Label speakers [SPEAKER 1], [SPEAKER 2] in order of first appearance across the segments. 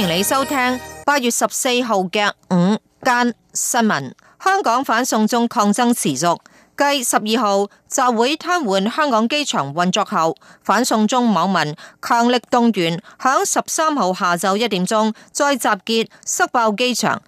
[SPEAKER 1] 歡迎你收聽八月十四號嘅午間新聞。香港反送中抗爭持續，繼十二號集會癱瘓香港機場運作後，反送中網民強力動員，響十三號下晝一點鐘再集結塞爆機場。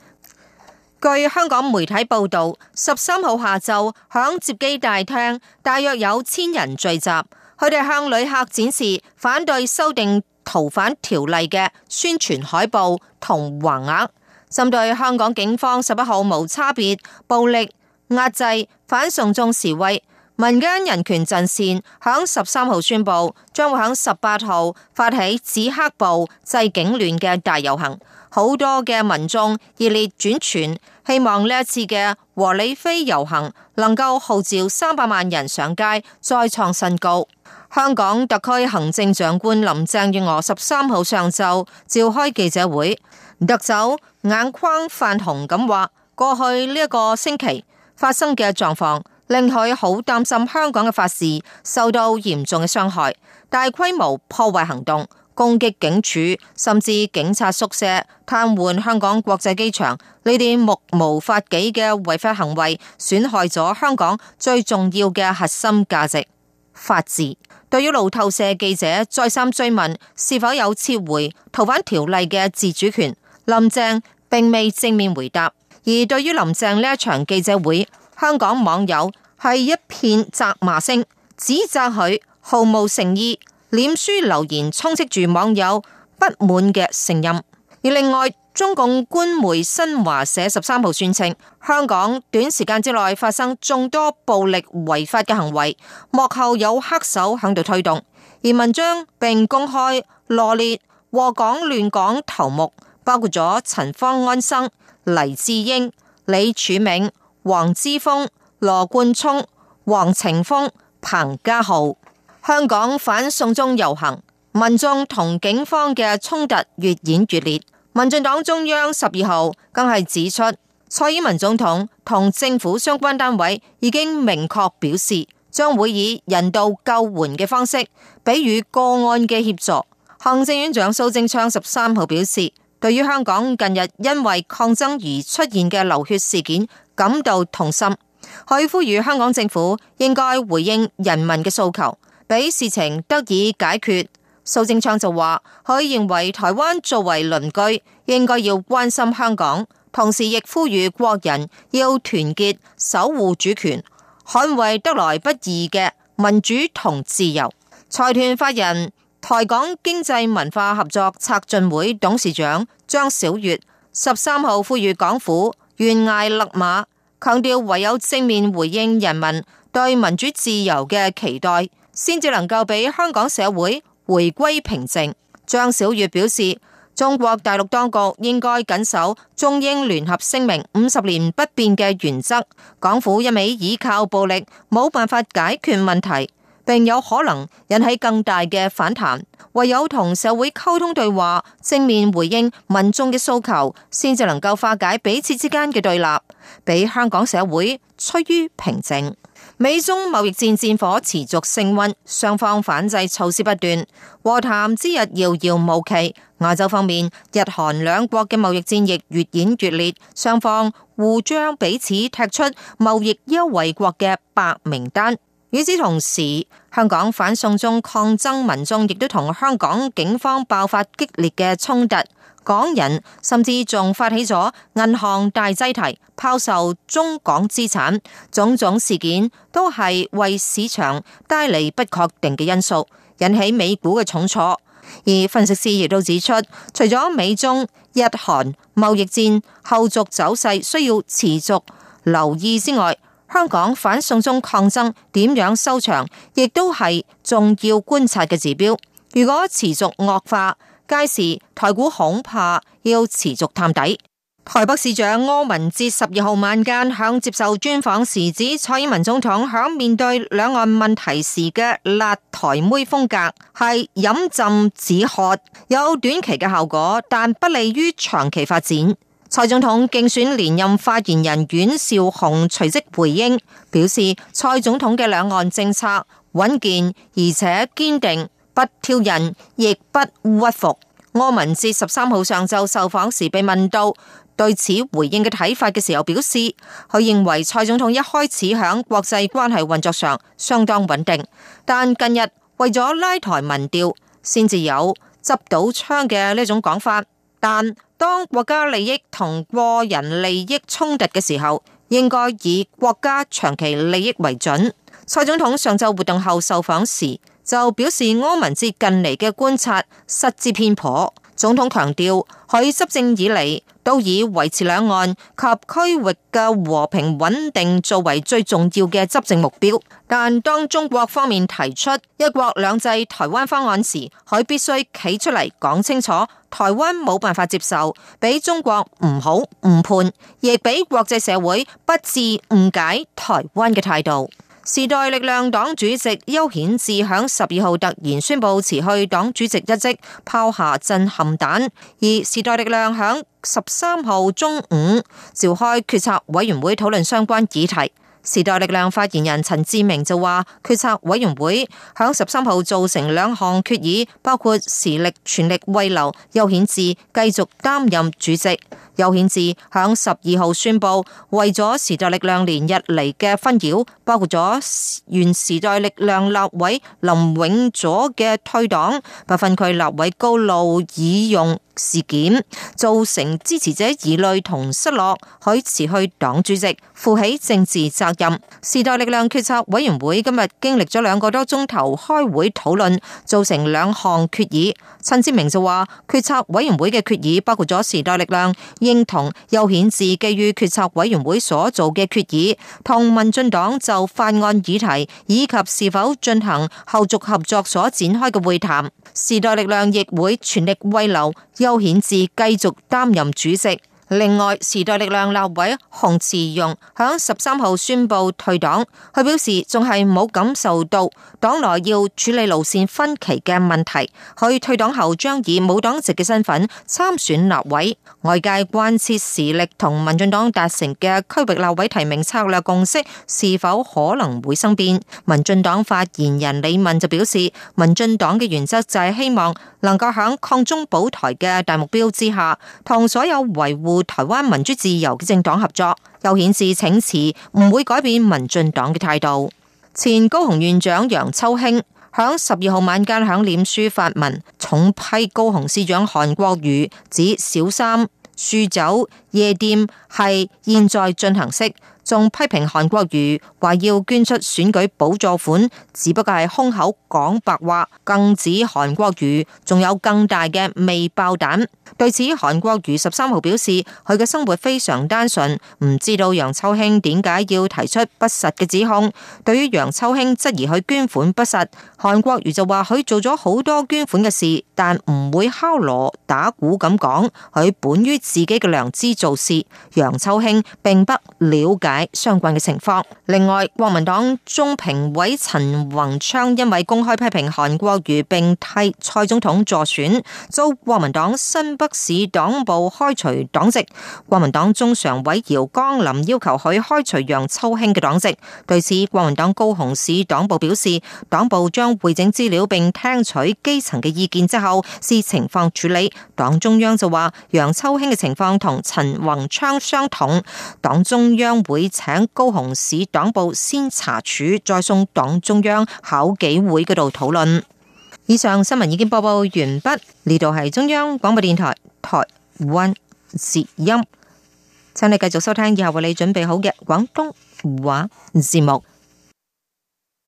[SPEAKER 1] 據香港媒體報道，十三號下晝響接機大廳，大約有千人聚集，佢哋向旅客展示反對修訂。逃犯條例嘅宣傳海報同橫額。針對香港警方十一號無差別暴力壓制反送中示威，民間人權陣線響十三號宣布，將會響十八號發起止黑暴、制警亂嘅大遊行。好多嘅民眾熱烈轉傳，希望呢一次嘅和理非遊行能夠號召三百萬人上街再創，再創新高。香港特區行政長官林鄭月娥十三號上晝召開記者會，特首眼眶泛紅咁話，過去呢一個星期發生嘅狀況令佢好擔心香港嘅法治受到嚴重嘅傷害。大規模破壞行動、攻擊警署，甚至警察宿舍、癱瘓香港國際機場，呢啲目無法紀嘅違法行為，損害咗香港最重要嘅核心價值——法治。對於路透社記者再三追問是否有撤回逃犯條例嘅自主權，林鄭並未正面回答。而對於林鄭呢一場記者會，香港網友係一片責罵聲，指責佢毫無誠意，臉書留言充斥住網友不滿嘅聲音。而另外，中共官媒新華社十三號宣稱，香港短時間之內發生眾多暴力違法嘅行為，幕後有黑手響度推動。而文章並公開羅列禍港亂港頭目，包括咗陳方安生、黎智英、李柱銘、黃之鋒、羅冠聰、黃晴峰、彭家浩。香港反送中遊行，民眾同警方嘅衝突越演越烈。民進黨中央十二號更係指出，蔡英文總統同政府相關單位已經明確表示，將會以人道救援嘅方式，給予個案嘅協助。行政院長蘇貞昌十三號表示，對於香港近日因為抗爭而出現嘅流血事件感到痛心，佢呼籲香港政府應該回應人民嘅訴求，俾事情得以解決。蘇貞昌就話，佢認為台灣作為鄰居應該要關心香港，同時亦呼籲國人要團結，守護主權，捍衛得來不易嘅民主同自由。財團法人台港經濟文化合作策進會董事長張小月十三號呼籲港府懸崖勒馬，強調唯有正面回應人民對民主自由嘅期待，先至能夠俾香港社會。回歸平靜，張小月表示，中國大陸當局應該緊守中英聯合聲明五十年不變嘅原則，港府一味依靠暴力，冇辦法解決問題，並有可能引起更大嘅反彈，唯有同社會溝通對話，正面回應民眾嘅訴求，先至能夠化解彼此之間嘅對立，俾香港社會趨於平靜。美中貿易戰戰火持續升溫，雙方反制措施不斷，和談之日遙遙無期。亞洲方面，日韓兩國嘅貿易戰亦越演越烈，雙方互將彼此踢出貿易優惠國嘅白名單。與此同時，香港反送中抗爭民眾亦都同香港警方爆發激烈嘅衝突。港人甚至仲發起咗銀行大擠提、拋售中港資產，種種事件都係為市場帶嚟不確定嘅因素，引起美股嘅重挫。而分析師亦都指出，除咗美中、日韓貿易戰後續走勢需要持續留意之外，香港反送中抗爭點樣收場，亦都係重要觀察嘅指標。如果持續惡化，屆時台股恐怕要持續探底。台北市長柯文哲十二號晚間響接受專訪時指，蔡英文總統響面對兩岸問題時嘅辣台妹風格係飲鴆止渴，有短期嘅效果，但不利於長期發展。蔡總統競選連任發言人阮兆雄隨即回應，表示蔡總統嘅兩岸政策穩健而且堅定。不挑釁亦不屈服。柯文哲十三號上晝受訪時被問到對此回應嘅睇法嘅時候，表示佢認為蔡總統一開始響國際關係運作上相當穩定，但近日為咗拉抬民調，先至有執到槍嘅呢種講法。但當國家利益同個人利益衝突嘅時候，應該以國家長期利益為準。蔡總統上晝活動後受訪時，就表示柯文哲近嚟嘅觀察失之偏頗。總統強調，佢執政以嚟都以維持兩岸及區域嘅和平穩定作為最重要嘅執政目標。但當中國方面提出一國兩制台灣方案時，佢必須企出嚟講清楚，台灣冇辦法接受，俾中國唔好誤判，亦俾國際社會不致誤解台灣嘅態度。時代力量黨主席邱顯智喺十二號突然宣布辭去黨主席一職，拋下震撼彈。而時代力量喺十三號中午召開決策委員會討論相關議題。時代力量發言人陳志明就話，決策委員會喺十三號做成兩項決議，包括時力全力慰留邱顯智繼續擔任主席。邱顯智響十二號宣布，為咗時代力量連日嚟嘅紛擾，包括咗原時代力量立委林昶佐嘅退黨，不分區立委高潞以用事件造成支持者疑慮同失落，可以辭去黨主席，負起政治責任。時代力量決策委員會今日經歷咗兩個多鐘頭開會討論，造成兩項決議。陳志明就話，決策委員會嘅決議包括咗時代力量認同邱顯智基於決策委員會所做嘅決議，同民進黨就法案議題以及是否進行後續合作所展開嘅會談，時代力量亦會全力慰留邱顯智繼續擔任主席。另外，時代力量立委洪慈庸喺十三號宣布退黨，佢表示仲係冇感受到黨內要處理路線分歧嘅問題。佢退黨後將以冇黨籍嘅身份參選立委。外界關切時力同民進黨達成嘅區域立委提名策略共識是否可能會生變？民進黨發言人李問就表示，民進黨嘅原則就係希望能夠響抗中保台嘅大目標之下，同所有維護。台灣民主自由嘅政黨合作，又顯示請辭唔會改變民進黨嘅態度。前高雄縣長楊秋興響十二號晚間響臉書發文，重批高雄市長韓國瑜，指小三、酗酒、夜店係現在進行式。仲批評韓國瑜話要捐出選舉補助款，只不過係空口講白話。更指韓國瑜仲有更大嘅未爆彈。對此，韓國瑜十三號表示，佢嘅生活非常單純，唔知道楊秋興點解要提出不實嘅指控。對於楊秋興質疑佢捐款不實，韓國瑜就話佢做咗好多捐款嘅事，但唔會敲鑼打鼓咁講。佢本於自己嘅良知做事，楊秋興並不了解。相關嘅情況。另外，國民黨中評委陳宏昌因為公開批評韓國瑜，並替蔡總統助選，遭國民黨新北市黨部開除黨籍。國民黨中常委姚江臨要求佢開除楊秋興嘅黨籍。對此，國民黨高雄市黨部表示，黨部將匯整資料，並聽取基層嘅意見之後，視情況處理。黨中央就話，楊秋興嘅情況同陳宏昌相同，黨中央會。請高雄市黨部先查處，再送黨中央考紀會嗰度討論。以上新聞已經播報完畢，呢度係中央廣播電台台灣節音，請你繼續收聽以後為你準備好嘅廣東話節目。